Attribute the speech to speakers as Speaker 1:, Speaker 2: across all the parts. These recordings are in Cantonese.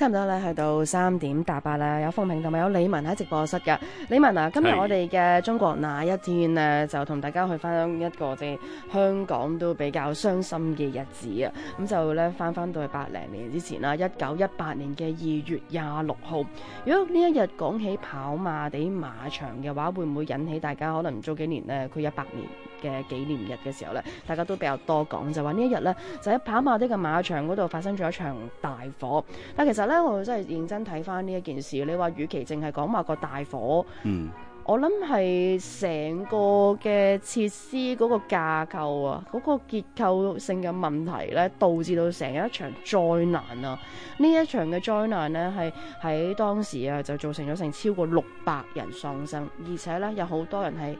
Speaker 1: 差唔多咧，去到三點搭八啦，有風平同埋有李文喺直播室嘅。李文啊，今日我哋嘅中國那一天呢，是就同大家去翻一個即係香港都比較傷心嘅日子啊。咁就咧翻翻到去百零年之前啦，一九一八年嘅二月廿六號。如果呢一日講起跑馬地馬場嘅話，會唔會引起大家可能早幾年呢，佢一百年嘅紀念日嘅時候呢，大家都比較多講就話呢一日呢，就喺跑馬地嘅馬場嗰度發生咗一場大火。但其實我真係認真睇翻呢一件事。你話，與其淨係講埋個大火，嗯、我諗係成個嘅設施嗰個架構啊，嗰、嗰個結構性嘅問題咧，導致到成一場災難啊！呢一場嘅災難咧，係喺當時啊，就造成咗成超過六百人喪生，而且咧，有好多人係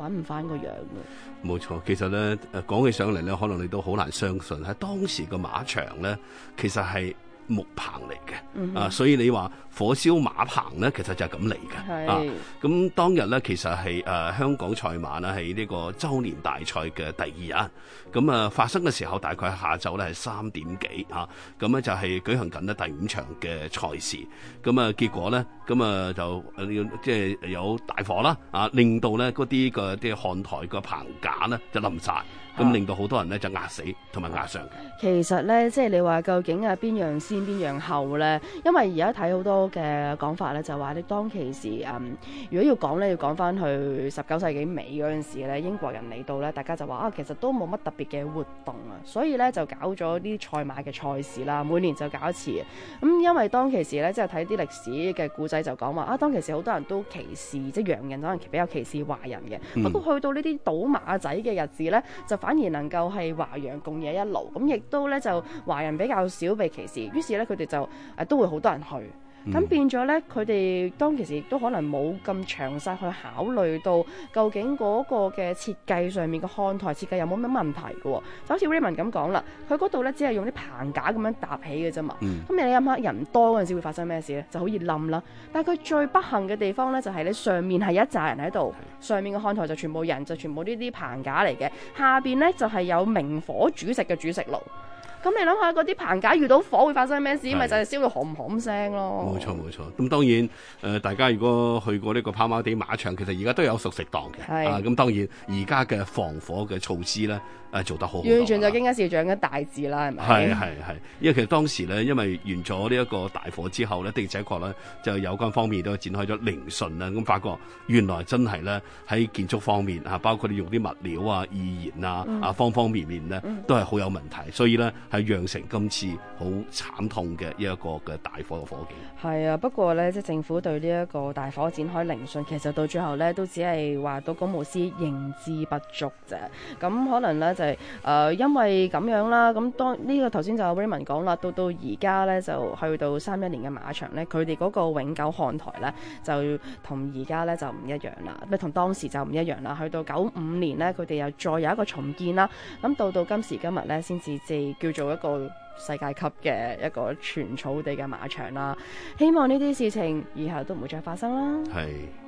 Speaker 1: 揾唔翻個樣嘅。
Speaker 2: 冇錯，其實咧，誒講起上嚟咧，可能你都好難相信喺當時個馬場咧，其實係，木棚嚟嘅，啊、嗯哼，所以你話火燒馬棚咧，其實就係咁嚟嘅，係是啊，咁當日咧，其實係誒、呃、香港賽馬咧係呢個周年大賽嘅第二日，啊，咁啊發生嘅時候大概下晝咧係三點幾嚇，咁、啊、咧、啊、就係、是、舉行緊咧第五場嘅賽事，咁啊結果咧咁啊就誒、呃、即係有大火啦，啊令到咧啲嘅啲看台個棚架咧就冧晒，咁、啊、令到好多人咧就壓死同埋壓傷。
Speaker 1: 其實咧，即係你話究竟啊邊樣。邊邊樣後咧？因為而家睇好多嘅講法咧，就話你當其時，嗯，如果要講咧，要講翻去十九世紀尾嗰陣時咧，英國人嚟到咧，大家就話啊，其實都冇乜特別嘅活動啊，所以咧就搞咗啲賽馬嘅賽事啦，每年就搞一次。咁、嗯、因為當其時咧，即係睇啲歷史嘅故仔就講話啊，當其時好多人都歧視，即係洋人可能比較歧視華人嘅。不過、嗯、去到呢啲賭馬仔嘅日子咧，就反而能夠係華洋共冶一爐，咁亦都咧就華人比較少被歧視。是咧，佢哋就誒都會好多人去，咁變咗咧，佢哋當其時亦都可能冇咁詳細去考慮到究竟嗰個嘅設計上面嘅看台設計有冇乜問題嘅喎、哦，就好似 Raymond 咁講啦，佢嗰度咧只係用啲棚架咁樣搭起嘅啫嘛，咁你諗下人多嗰陣時會發生咩事咧，就好易冧啦。但係佢最不幸嘅地方咧，就係、是、你上面係一紮人喺度，上面嘅看台就全部人就全部呢啲棚架嚟嘅，下邊咧就係、是、有明火煮食嘅煮食爐。咁你諗下嗰啲棚架遇到火會發生咩事？咪是就係燒到吭唔吭聲咯。冇
Speaker 2: 錯冇錯。咁當然，誒、呃、大家如果去過呢個跑馬地馬場，其實而家都有熟食檔嘅。咁是、啊、當然，而家嘅防火嘅措施咧，誒做得好好，完全
Speaker 1: 就經家少長嘅大字啦，係咪？係係係，
Speaker 2: 因為其實當時咧，因為完咗呢一個大火之後咧，的而且確咧就有關方面都展開咗聆訊啦。咁發覺原來真係咧喺建築方面啊，包括你用啲物料啊、易燃啊啊方方面面咧，都係好有問題。所以咧係釀成今次好慘痛嘅一個嘅大火嘅火警。
Speaker 1: 係啊，不過咧即係政府對呢一個大火展開聆訊，其實到最後咧都只係話到公務司認知不足啫。咁可能咧就。誒、呃，因為咁樣啦，咁當呢，這個頭先就 Raymond 講啦，到到而家呢，就去到三一年嘅馬場呢，佢哋嗰個永久看台呢，就同而家呢，就唔一樣啦，咪同當時就唔一樣啦，去到九五年呢，佢哋又再有一個重建啦，咁到到今時今日呢，先至至叫做一個世界級嘅一個全草地嘅馬場啦。希望呢啲事情以後都唔會再發生啦。
Speaker 2: 係。